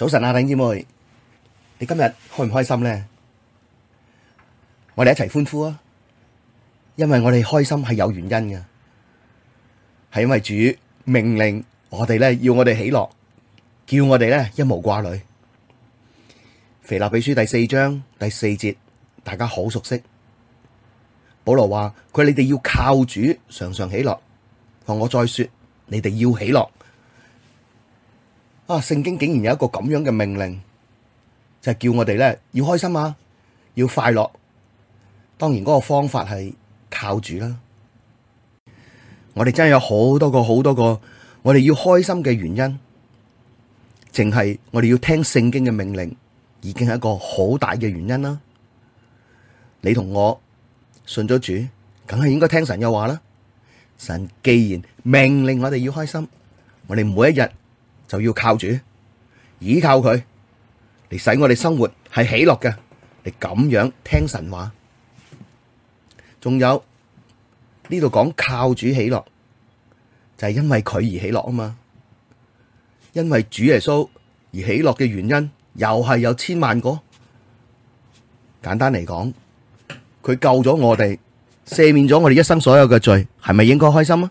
早晨啊，丁姐妹，你今日開唔開心咧？我哋一齊歡呼啊！因為我哋開心係有原因嘅，係因為主命令我哋咧，要我哋喜樂，叫我哋咧一無掛慮。腓立比書第四章第四節，大家好熟悉。保羅話佢：你哋要靠主，常常喜樂。同我再說，你哋要喜樂。啊！聖經竟然有一個咁樣嘅命令，就係叫我哋咧要開心啊，要快樂。當然嗰個方法係靠主啦。我哋真係有好多個、好多個，我哋要開心嘅原因，淨係我哋要聽聖經嘅命令，已經係一個好大嘅原因啦。你同我信咗主，梗係應該聽神嘅話啦。神既然命令我哋要開心，我哋每一日。就要靠主，依靠佢嚟使我哋生活係喜樂嘅。你咁樣聽神話，仲有呢度講靠主喜樂，就係因為佢而喜樂啊嘛。因為主耶穌而喜樂嘅原因，又係有千萬個。簡單嚟講，佢救咗我哋，赦免咗我哋一生所有嘅罪，係咪應該開心啊？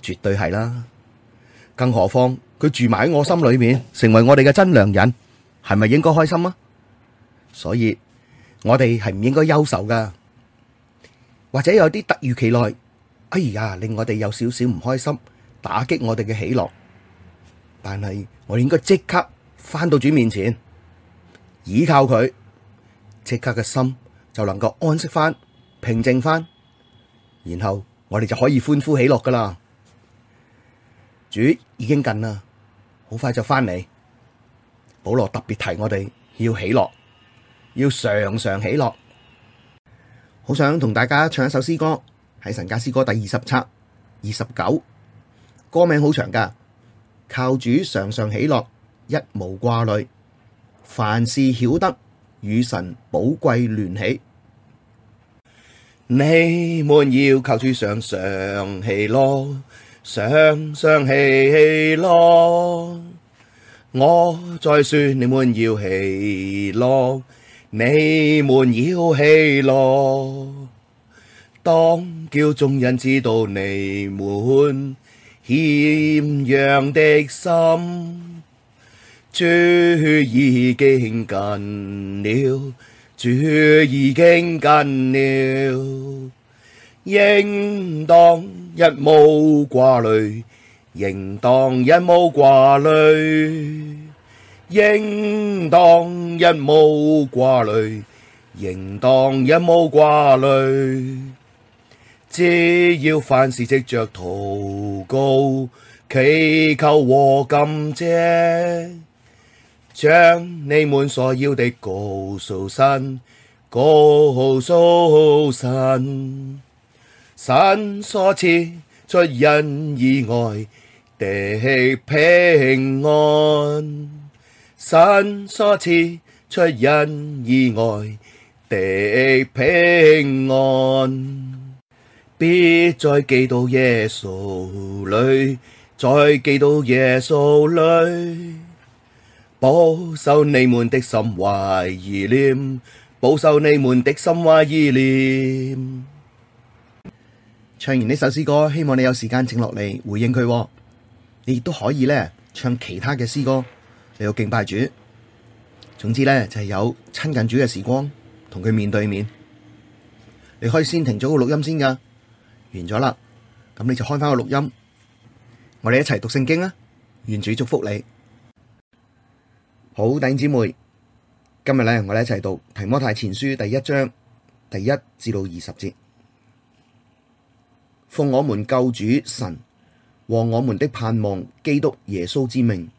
絕對係啦，更何況。佢住埋喺我心裏面，成為我哋嘅真良人，係咪應該開心啊？所以我哋係唔應該憂愁噶，或者有啲突如其來，哎呀，令我哋有少少唔開心，打擊我哋嘅喜樂，但係我哋應該即刻翻到主面前，倚靠佢，即刻嘅心就能夠安息翻、平靜翻，然後我哋就可以歡呼喜樂噶啦。主已經近啦。好快就翻嚟。保羅特別提我哋要喜樂，要常常喜樂。好想同大家唱一首詩歌，喺神家詩歌第二十冊二十九，29，歌名好長噶。靠主常常喜樂，一無掛慮，凡事曉得與神寶貴聯起。你們要靠主常常喜樂。常常喜樂，我再說，你們要喜樂，你們要喜樂。當叫眾人知道你們謙讓的心，主已經近了，主已經近了。應當一無掛慮，應當一無掛慮，應當一無掛慮，應當一無掛慮。只要凡事藉着禱告、祈求和感謝，將你們所要的告訴神，告訴神。神所賜出人意外的平安，神所賜出人意外的平安。必在基督耶穌裡，在基督耶穌裡，保守你們的心懷意念，保守你們的心懷意念。唱完呢首詩歌，希望你有時間靜落嚟回應佢。你亦都可以咧唱其他嘅詩歌，嚟到敬拜主。總之咧就係、是、有親近主嘅時光，同佢面對面。你可以先停咗個錄音先噶，完咗啦，咁你就開翻個錄音。我哋一齊讀聖經啊！願主祝福你。好，弟兄姊妹，今日咧我哋一齊讀提摩太前書第一章第一至到二十節。奉我們救主神和我們的盼望基督耶穌之命，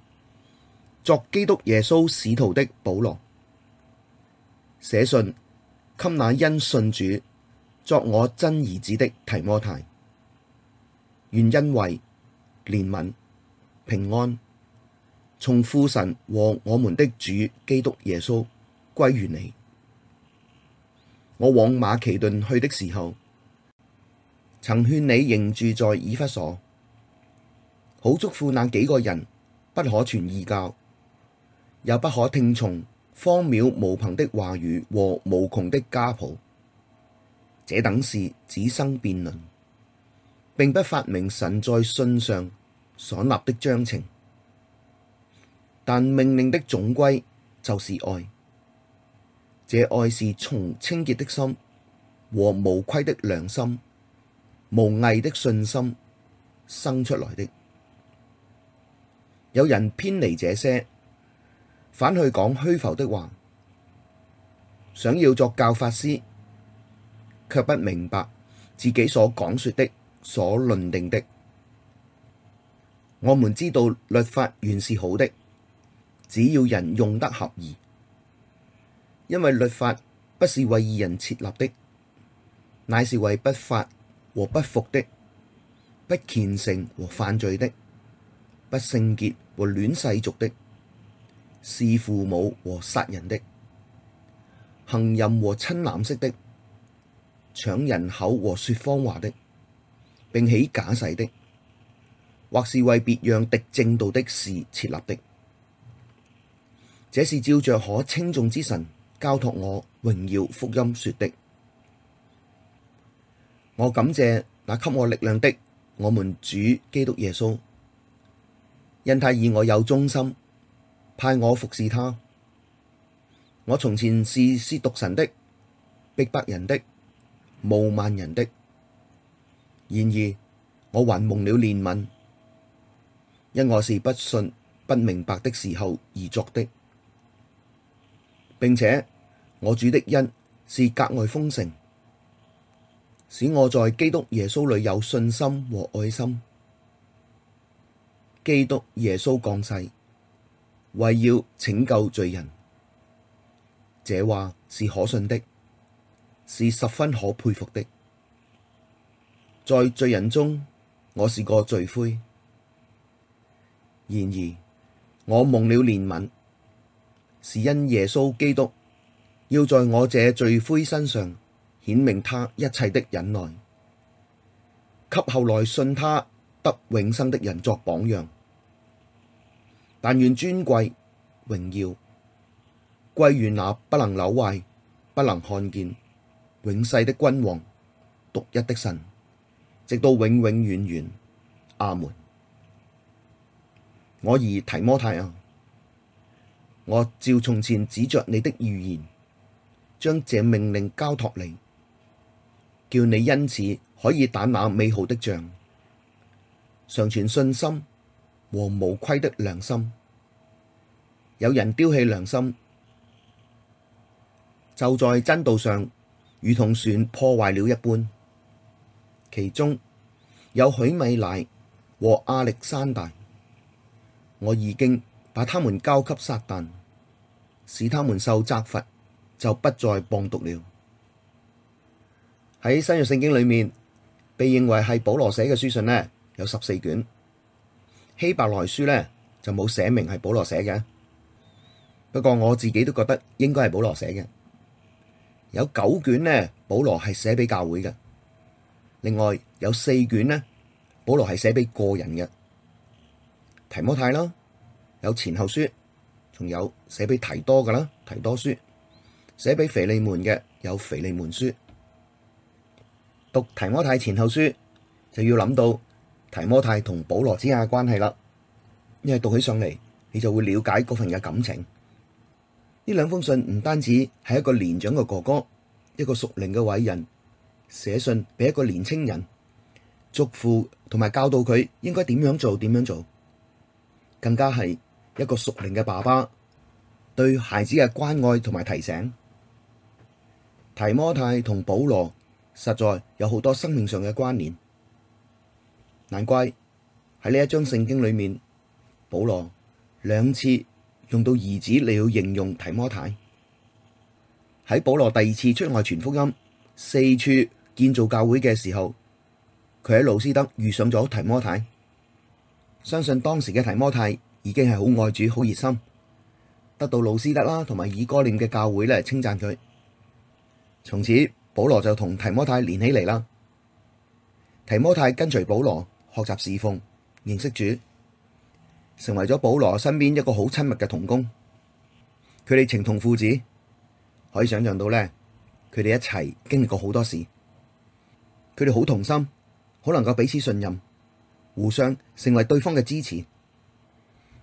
作基督耶穌使徒的保羅，寫信給那因信主作我真兒子的提摩太，願恩惠憐憫憐憫平安，從父神和我們的主基督耶穌歸與你。我往馬其頓去的時候，曾勸你仍住在以弗所，好囑咐那幾個人，不可傳異教，又不可聽從荒渺無憑的話語和無窮的家譜。這等事只生辯論，並不發明神在信上所立的章程。但命令的總歸就是愛，這愛是從清潔的心和無虧的良心。無偽的信心生出來的。有人偏離這些，反去講虛浮的話，想要作教法師，卻不明白自己所講說的、所論定的。我們知道律法原是好的，只要人用得合宜。因為律法不是為義人設立的，乃是為不法和不服的、不虔誠和犯罪的、不聖潔和戀世俗的、弒父母和殺人的、行淫和親男色的、搶人口和說謊話的、並起假誓的，或是為別樣敵正道的事設立的，這是照着可稱頌之神交託我榮耀福音說的。我感謝那給我力量的，我們主基督耶穌。因他以我有忠心，派我服侍他。我從前是褻瀆神的，逼迫人的，侮慢人的。然而我還蒙了憐憫，因我是不信、不明白的時候而作的，並且我主的恩是格外豐盛。使我在基督耶穌裡有信心和愛心。基督耶穌降世，為要拯救罪人，這話是可信的，是十分可佩服的。在罪人中，我是個罪魁，然而我蒙了憐憫，是因耶穌基督要在我這罪魁身上。顯明他一切的忍耐，給後來信他得永生的人作榜樣。但願尊貴榮耀歸與那不能朽壞、不能看見、永世的君王、獨一的神，直到永永遠遠。阿門。我兒提摩太啊，我照從前指着你的預言，將這命令交託你。叫你因此可以打那美好的仗，常存信心和無虧的良心。有人丟棄良心，就在真道上如同船破壞了一般。其中有許米乃和亞力山大，我已經把他們交給撒但，使他們受責罰，就不再謗瀆了。喺新約聖經裏面，被認為係保羅寫嘅書信呢，有十四卷。希伯來書呢，就冇寫明係保羅寫嘅，不過我自己都覺得應該係保羅寫嘅。有九卷呢，保羅係寫俾教會嘅。另外有四卷呢，保羅係寫俾個人嘅，提摩太咯，有前後書，仲有寫俾提多噶啦，提多書，寫俾腓利門嘅，有腓利門書。讀提摩太前後書就要諗到提摩太同保羅之間嘅關係啦，因為讀起上嚟，你就會了解嗰份嘅感情。呢兩封信唔單止係一個年長嘅哥哥，一個熟齡嘅偉人寫信俾一個年青人，囑咐同埋教導佢應該點樣做點樣做，更加係一個熟齡嘅爸爸對孩子嘅關愛同埋提醒。提摩太同保羅。實在有好多生命上嘅關聯，難怪喺呢一章聖經裏面，保羅兩次用到兒子嚟去形容提摩太。喺保羅第二次出外傳福音，四處建造教會嘅時候，佢喺路斯德遇上咗提摩太。相信當時嘅提摩太已經係好愛主、好熱心，得到路斯德啦同埋以哥念嘅教會嚟稱讚佢，從此，保羅就同提摩太連起嚟啦，提摩太跟隨保羅學習侍奉，認識主，成為咗保羅身邊一個好親密嘅同工。佢哋情同父子，可以想象到咧，佢哋一齊經歷過好多事，佢哋好同心，好能夠彼此信任，互相成為對方嘅支持。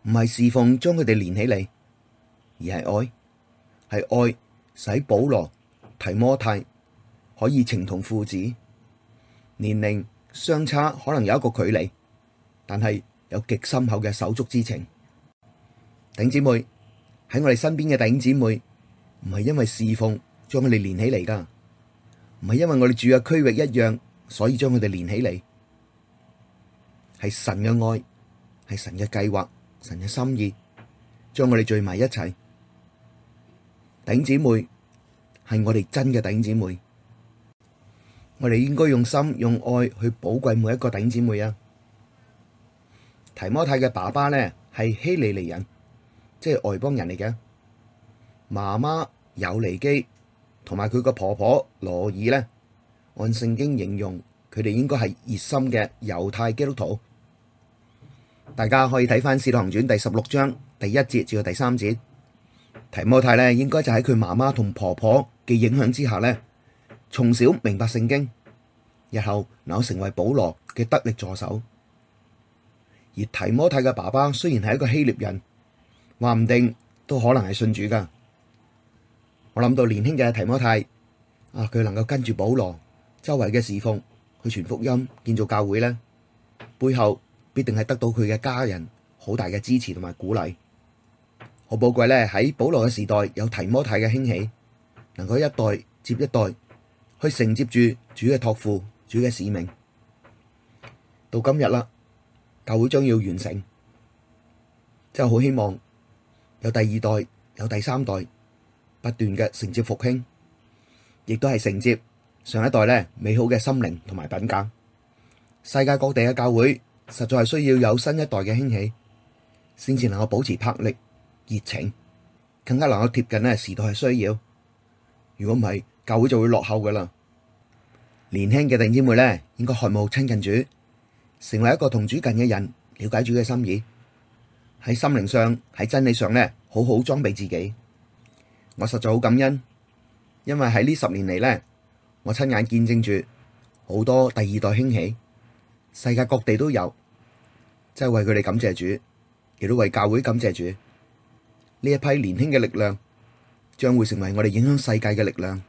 唔係侍奉將佢哋連起嚟，而係愛，係愛使保羅提摩太。可以情同父子，年齡相差可能有一個距離，但係有極深厚嘅手足之情。頂姊妹喺我哋身邊嘅頂姊妹，唔係因為侍奉將佢哋連起嚟㗎，唔係因為我哋住嘅區域一樣，所以將佢哋連起嚟，係神嘅愛，係神嘅計劃，神嘅心意將我哋聚埋一齊。頂姊妹係我哋真嘅頂姊妹。我哋應該用心用愛去寶貴每一個弟兄姊妹啊！提摩太嘅爸爸咧係希利尼人，即係外邦人嚟嘅。媽媽有尼基，同埋佢個婆婆羅爾咧，按聖經形容，佢哋應該係熱心嘅猶太基督徒。大家可以睇翻《使徒行傳》第十六章第一節至到第三節，提摩太咧應該就喺佢媽媽同婆婆嘅影響之下咧，從小明白聖經，日後能夠成為保羅嘅得力助手。而提摩太嘅爸爸雖然係一個希臘人，話唔定都可能係信主噶。我諗到年輕嘅提摩太啊，佢能夠跟住保羅周圍嘅侍奉去傳福音、建造教會咧，背後必定係得到佢嘅家人好大嘅支持同埋鼓勵。好寶貴咧，喺保羅嘅時代有提摩太嘅興起，能夠一代接一代。去承接住主嘅託付、主嘅使命，到今日啦，教會將要完成，真係好希望有第二代、有第三代不斷嘅承接復興，亦都係承接上一代咧美好嘅心靈同埋品格。世界各地嘅教會實在係需要有新一代嘅興起，先至能夠保持魄力、熱情，更加能夠貼近呢時代嘅需要。如果唔係，教會就會落後噶啦。年輕嘅弟兄姊妹咧，應該渴望親近主，成為一個同主近嘅人，了解主嘅心意，喺心靈上、喺真理上咧，好好裝備自己。我實在好感恩，因為喺呢十年嚟咧，我親眼見證住好多第二代興起，世界各地都有，真係為佢哋感謝主，亦都為教會感謝主。呢一批年輕嘅力量，將會成為我哋影響世界嘅力量。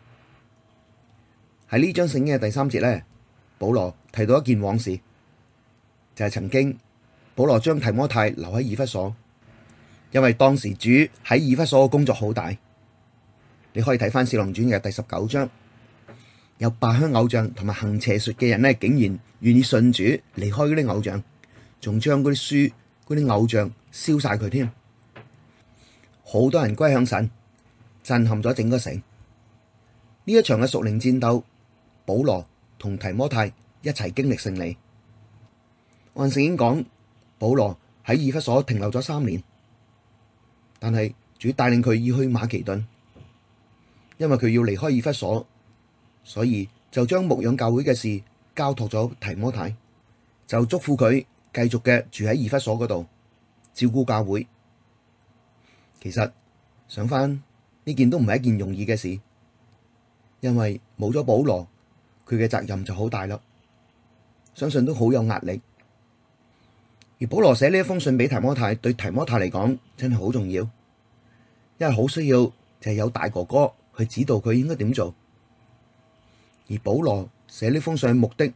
喺呢章聖經嘅第三節咧，保羅提到一件往事，就係、是、曾經保羅將提摩太留喺以弗所，因為當時主喺以弗所嘅工作好大。你可以睇翻《使徒行傳》嘅第十九章，有拜香偶像同埋行邪術嘅人呢，竟然願意信主，離開嗰啲偶像，仲將嗰啲書、嗰啲偶像燒晒佢添。好多人歸向神，震撼咗整個城。呢一場嘅屬靈戰鬥。保羅同提摩太一齊經歷勝利。按聖經講，保羅喺以弗所停留咗三年，但係主帶領佢要去馬其頓，因為佢要離開以弗所，所以就將牧養教會嘅事交託咗提摩太，就祝福佢繼續嘅住喺以弗所嗰度照顧教會。其實想翻呢件都唔係一件容易嘅事，因為冇咗保羅。佢嘅責任就好大咯，相信都好有壓力。而保羅寫呢一封信俾提摩太，對提摩太嚟講真係好重要，因為好需要就係有大哥哥去指導佢應該點做。而保羅寫呢封信嘅目的，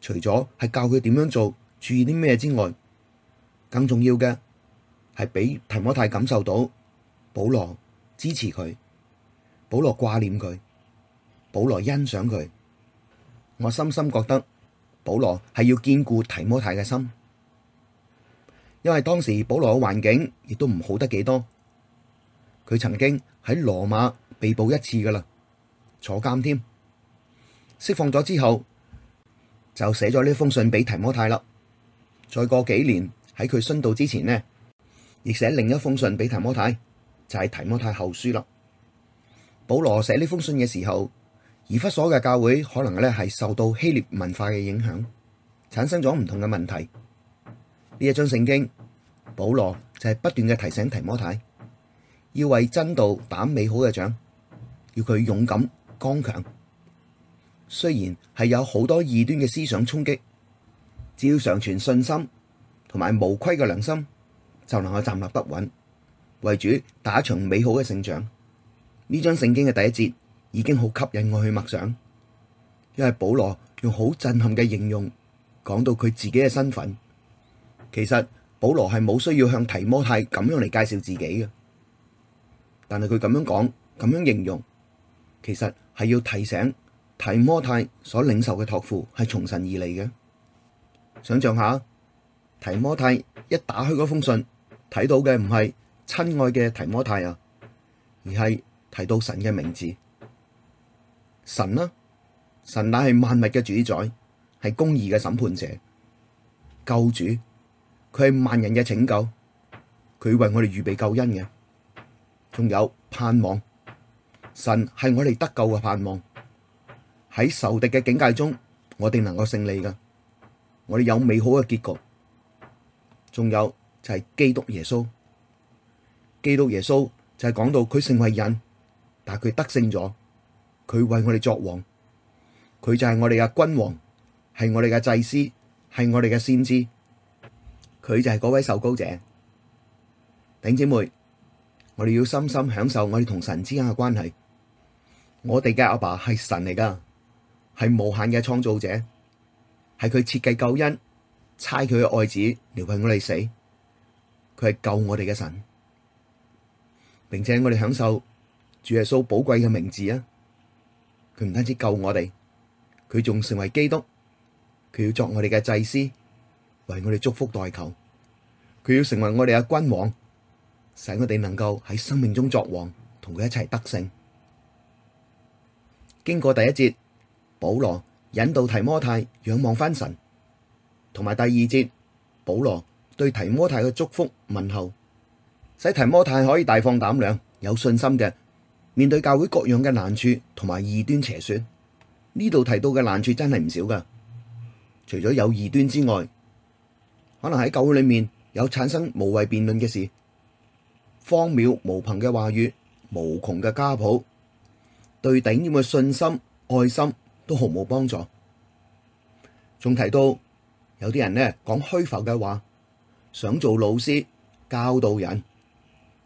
除咗係教佢點樣做、注意啲咩之外，更重要嘅係俾提摩太感受到保羅支持佢、保羅掛念佢、保羅欣賞佢。我深深覺得保羅係要兼顧提摩太嘅心，因為當時保羅嘅環境亦都唔好得幾多，佢曾經喺羅馬被捕一次噶啦，坐監添。釋放咗之後就寫咗呢封信俾提摩太啦。再過幾年喺佢殉道之前呢，亦寫另一封信俾提摩太，就係提摩太後書啦。保羅寫呢封信嘅時候，而以弗所嘅教會可能咧係受到希臘文化嘅影響，產生咗唔同嘅問題。呢一章聖經，保羅就係不斷嘅提醒提摩太，要為真道打美好嘅仗，要佢勇敢剛強。雖然係有好多異端嘅思想衝擊，只要常存信心同埋無虧嘅良心，就能夠站立得穩，為主打一場美好嘅勝仗。呢章聖經嘅第一節。已經好吸引我去默想，因為保羅用好震撼嘅形容講到佢自己嘅身份。其實保羅係冇需要向提摩太咁樣嚟介紹自己嘅，但係佢咁樣講、咁樣形容，其實係要提醒提摩太所領受嘅託付係從神而嚟嘅。想像下，提摩太一打開嗰封信，睇到嘅唔係親愛嘅提摩太啊，而係睇到神嘅名字。神啦、啊，神乃係萬物嘅主宰，係公義嘅審判者，救主，佢係萬人嘅拯救，佢為我哋預備救恩嘅。仲有盼望，神係我哋得救嘅盼望。喺仇敵嘅境界中，我哋能夠勝利噶，我哋有美好嘅結局。仲有就係基督耶穌，基督耶穌就係講到佢成為人，但係佢得勝咗。佢為我哋作王，佢就係我哋嘅君王，係我哋嘅祭司，係我哋嘅先知，佢就係嗰位受膏者。頂姐妹，我哋要深深享受我哋同神之間嘅關係。我哋嘅阿爸係神嚟㗎，係無限嘅創造者，係佢設計救恩，差佢嘅愛子嚟為我哋死，佢係救我哋嘅神，並且我哋享受主耶穌寶貴嘅名字啊！佢唔單止救我哋，佢仲成為基督，佢要作我哋嘅祭司，為我哋祝福代求，佢要成為我哋嘅君王，使我哋能夠喺生命中作王，同佢一齊得勝。經過第一節保羅引導提摩太仰望翻神，同埋第二節保羅對提摩太嘅祝福問候，使提摩太可以大放膽量，有信心嘅。面對教會各樣嘅難處同埋異端邪說，呢度提到嘅難處真係唔少噶。除咗有異端之外，可能喺教會裏面有產生無謂辯論嘅事，荒謬無憑嘅話語，無窮嘅家譜，對頂點嘅信心、愛心都毫無幫助。仲提到有啲人呢，講虛浮嘅話，想做老師教導人。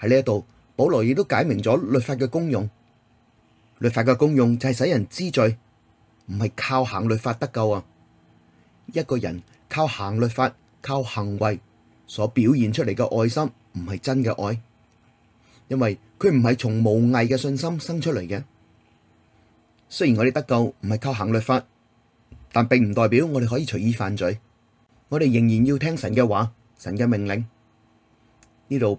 喺呢一度，保羅亦都解明咗律法嘅功用。律法嘅功用就係使人知罪，唔係靠行律法得救啊！一個人靠行律法、靠行為所表現出嚟嘅愛心，唔係真嘅愛，因為佢唔係從無偽嘅信心生出嚟嘅。雖然我哋得救唔係靠行律法，但並唔代表我哋可以隨意犯罪。我哋仍然要聽神嘅話、神嘅命令。呢度。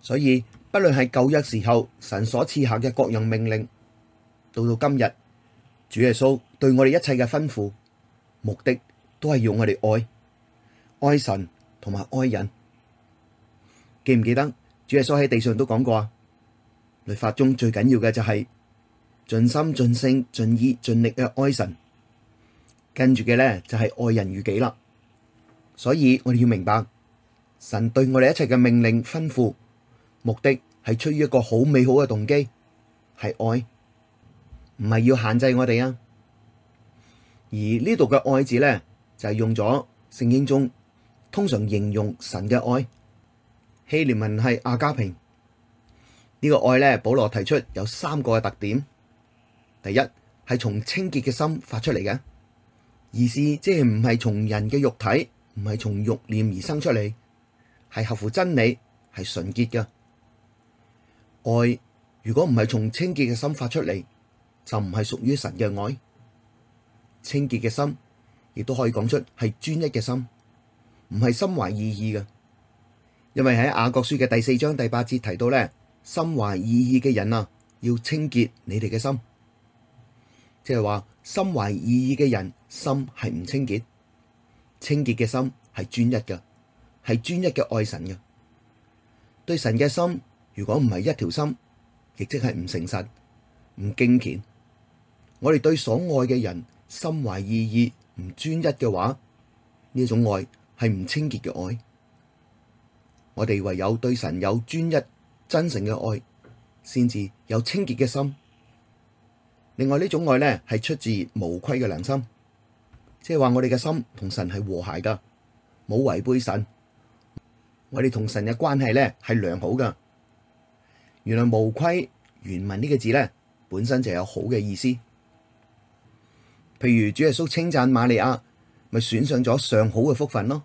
所以，不論係舊約時候神所賜下嘅各樣命令，到到今日，主耶穌對我哋一切嘅吩咐目的都要，都係要我哋愛愛神同埋愛人。記唔記得主耶穌喺地上都講過啊？律法中最緊要嘅就係、是、盡心盡、盡性、盡意、盡力嘅愛神，跟住嘅咧就係、是、愛人如己啦。所以我哋要明白神對我哋一切嘅命令吩咐，目的係出於一個好美好嘅動機，係愛，唔係要限制我哋啊。而呢度嘅愛字咧，就係、是、用咗聖經中通常形容神嘅愛。希臘文係阿加平呢、這個愛咧，保羅提出有三個嘅特點。第一係從清潔嘅心發出嚟嘅，而是即係唔係從人嘅肉體，唔係從肉念而生出嚟，係合乎真理，係純潔嘅。愛如果唔係從清潔嘅心發出嚟，就唔係屬於神嘅愛。清潔嘅心亦都可以講出係專一嘅心，唔係心懷二意嘅。因為喺雅各書嘅第四章第八節提到咧，心懷二意嘅人啊，要清潔你哋嘅心，即係話心懷二意嘅人心係唔清潔，清潔嘅心係專一嘅，係專一嘅愛神嘅，對神嘅心。如果唔係一條心，亦即係唔誠實、唔敬虔。我哋對所愛嘅人心懷異意、唔專一嘅話，呢一種愛係唔清潔嘅愛。我哋唯有對神有專一、真誠嘅愛，先至有清潔嘅心。另外呢種愛咧，係出自無虧嘅良心，即係話我哋嘅心同神係和諧噶，冇違背神。我哋同神嘅關係咧係良好噶。原來無虧原文呢個字咧，本身就有好嘅意思。譬如主耶穌稱讚瑪利亞，咪選上咗上好嘅福分咯。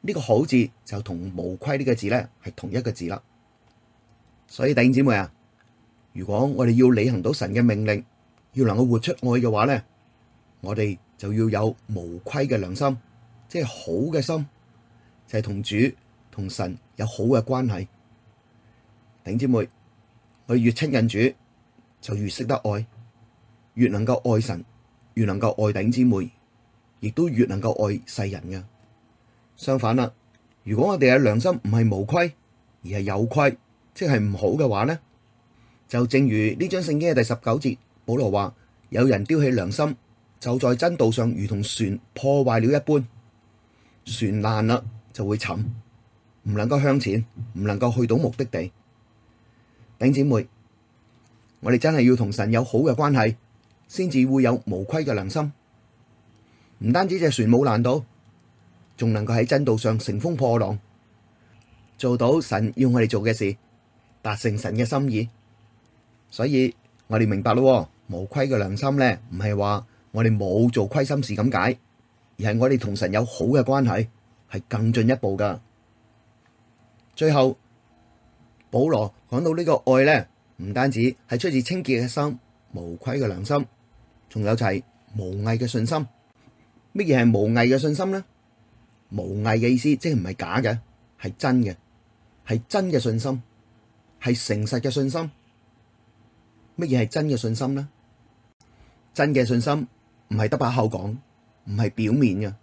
呢個好字就同無虧呢個字咧係同一個字啦。所以弟兄姊妹啊，如果我哋要履行到神嘅命令，要能夠活出愛嘅話咧，我哋就要有無虧嘅良心，即係好嘅心，就係同主同神有好嘅關係。頂姊妹，佢越親近主，就越識得愛，越能夠愛神，越能夠愛頂姊妹，亦都越能夠愛世人嘅。相反啦，如果我哋嘅良心唔係無虧，而係有虧，即係唔好嘅話呢，就正如呢張聖經嘅第十九節，保羅話：有人丟棄良心，就在真道上如同船破壞了一般，船爛啦就會沉，唔能夠向前，唔能夠去到目的地。頂姐妹，我哋真係要同神有好嘅關係，先至會有無虧嘅良心。唔單止隻船冇難度，仲能夠喺真道上乘風破浪，做到神要我哋做嘅事，達成神嘅心意。所以我哋明白咯，無虧嘅良心咧，唔係話我哋冇做虧心事咁解，而係我哋同神有好嘅關係，係更進一步噶。最後。保羅講到呢個愛呢，唔單止係出自清潔嘅心、無虧嘅良心，仲有就係無偽嘅信心。乜嘢係無偽嘅信心呢？無偽嘅意思即係唔係假嘅，係真嘅，係真嘅信心，係誠實嘅信心。乜嘢係真嘅信心呢？真嘅信心唔係得把口講，唔係表面嘅，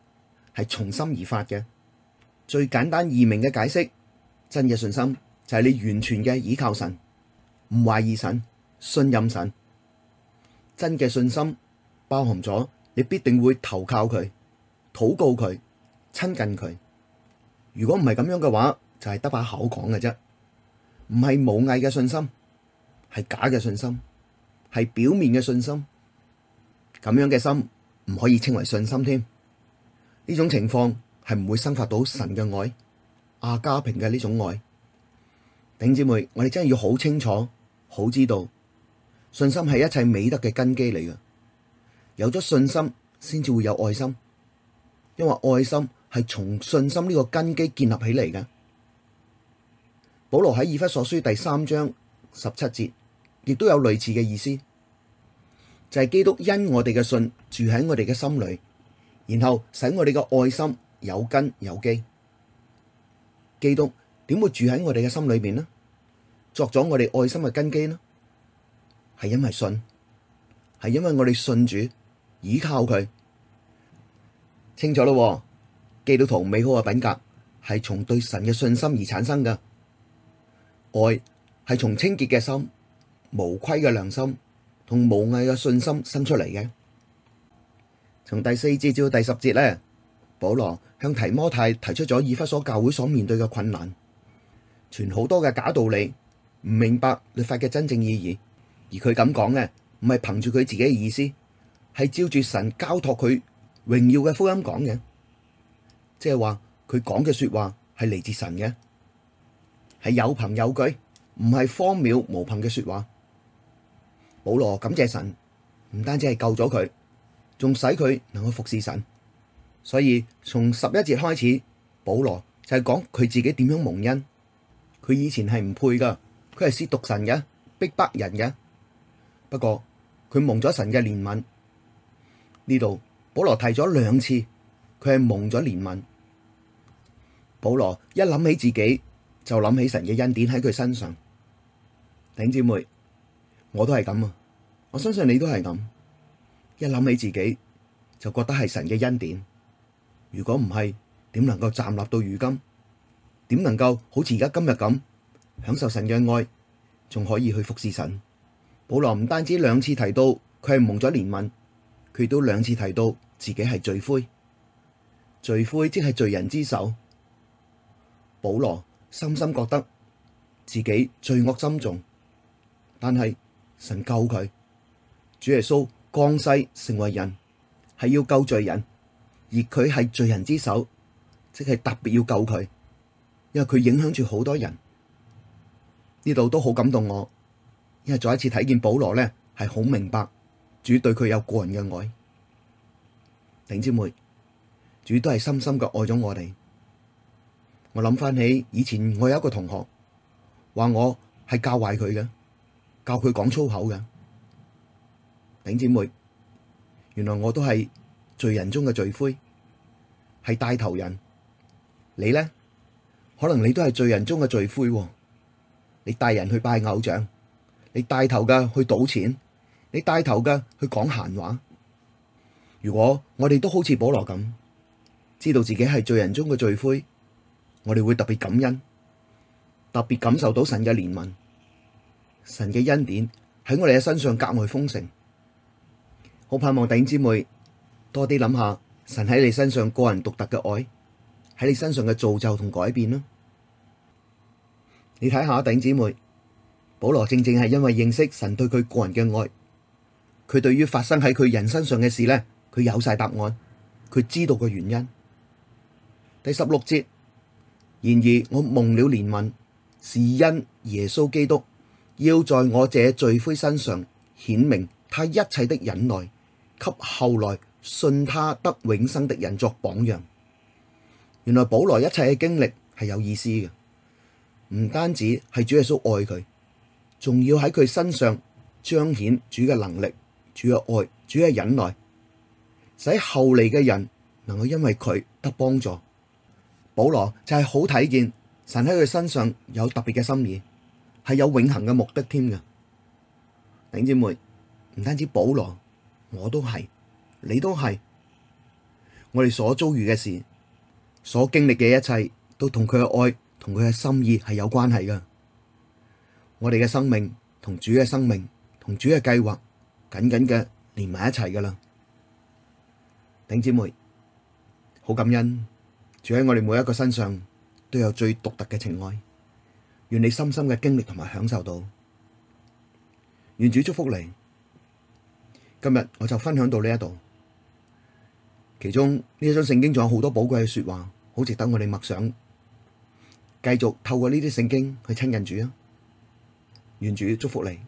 係從心而發嘅。最簡單易明嘅解釋，真嘅信心。就係你完全嘅倚靠神，唔懷疑神，信任神。真嘅信心包含咗你必定會投靠佢、禱告佢、親近佢。如果唔係咁樣嘅話，就係得把口講嘅啫，唔係冇偽嘅信心，係假嘅信心，係表面嘅信心。咁樣嘅心唔可以稱為信心添。呢種情況係唔會生發到神嘅愛，亞加平嘅呢種愛。頂姐妹，我哋真係要好清楚、好知道，信心係一切美德嘅根基嚟嘅。有咗信心，先至會有愛心，因為愛心係從信心呢個根基建立起嚟嘅。保羅喺以弗所書第三章十七節，亦都有類似嘅意思，就係基督因我哋嘅信住喺我哋嘅心裏，然後使我哋嘅愛心有根有基。基督。點會住喺我哋嘅心裏邊呢？作咗我哋愛心嘅根基呢？係因為信，係因為我哋信主，依靠佢。清楚咯，基督徒美好嘅品格係從對神嘅信心而產生嘅，愛係從清潔嘅心、無虧嘅良心同無偽嘅信心生出嚟嘅。從第四節至到第十節呢，保羅向提摩太提出咗以弗所教會所面對嘅困難。傳好多嘅假道理，唔明白律法嘅真正意義。而佢咁講嘅唔係憑住佢自己嘅意思，係照住神交託佢榮耀嘅福音講嘅，即係話佢講嘅說話係嚟自神嘅，係有憑有據，唔係荒謬無憑嘅說話。保羅感謝神，唔單止係救咗佢，仲使佢能夠服侍神。所以從十一節開始，保羅就係講佢自己點樣蒙恩。佢以前係唔配噶，佢係褻瀆神嘅，逼迫人嘅。不過佢蒙咗神嘅憐憫。呢度保羅提咗兩次，佢係蒙咗憐憫。保羅一諗起自己，就諗起神嘅恩典喺佢身上。頂姐妹，我都係咁啊！我相信你都係咁。一諗起自己，就覺得係神嘅恩典。如果唔係，點能夠站立到如今？點能夠好似而家今日咁享受神嘅愛，仲可以去服侍神？保羅唔單止兩次提到佢係蒙咗憐憫，佢都兩次提到自己係罪魁。罪魁即係罪人之首。保羅深深覺得自己罪惡深重，但係神救佢，主耶穌降世成為人，係要救罪人，而佢係罪人之首，即係特別要救佢。因為佢影響住好多人，呢度都好感動我。因為再一次睇見保羅咧，係好明白主對佢有個人嘅愛。丁姐妹，主都係深深嘅愛咗我哋。我諗翻起以前我有一個同學，話我係教壞佢嘅，教佢講粗口嘅。丁姐妹，原來我都係罪人中嘅罪魁，係帶頭人。你咧？可能你都係罪人中嘅罪魁，你帶人去拜偶像，你帶頭㗎去賭錢，你帶頭㗎去講閒話。如果我哋都好似保羅咁，知道自己係罪人中嘅罪魁，我哋會特別感恩，特別感受到神嘅憐憫，神嘅恩典喺我哋嘅身上格外豐盛。我盼望弟兄姊妹多啲諗下神喺你身上個人獨特嘅愛，喺你身上嘅造就同改變囉。你睇下弟兄姊妹，保羅正正係因為認識神對佢個人嘅愛，佢對於發生喺佢人身上嘅事呢，佢有晒答案，佢知道個原因。第十六節，然而我蒙了憐憫，是因耶穌基督要在我這罪魁身上顯明他一切的忍耐，給後來信他得永生的人作榜樣。原來保羅一切嘅經歷係有意思嘅。唔單止係主耶穌愛佢，仲要喺佢身上彰顯主嘅能力、主嘅愛、主嘅忍耐，使後嚟嘅人能夠因為佢得幫助。保羅就係好睇見神喺佢身上有特別嘅心意，係有永恆嘅目的添嘅。弟兄姊妹，唔單止保羅，我都係，你都係，我哋所遭遇嘅事，所經歷嘅一切都同佢嘅愛。同佢嘅心意係有關係噶，我哋嘅生命同主嘅生命同主嘅計劃緊緊嘅連埋一齊噶啦。頂姊妹，好感恩，主喺我哋每一個身上都有最獨特嘅情愛，願你深深嘅經歷同埋享受到，願主祝福你。今日我就分享到呢一度，其中呢一章聖經仲有好多寶貴嘅說話，好值得我哋默想。繼續透過呢啲聖經去親近主啊，願主祝福你。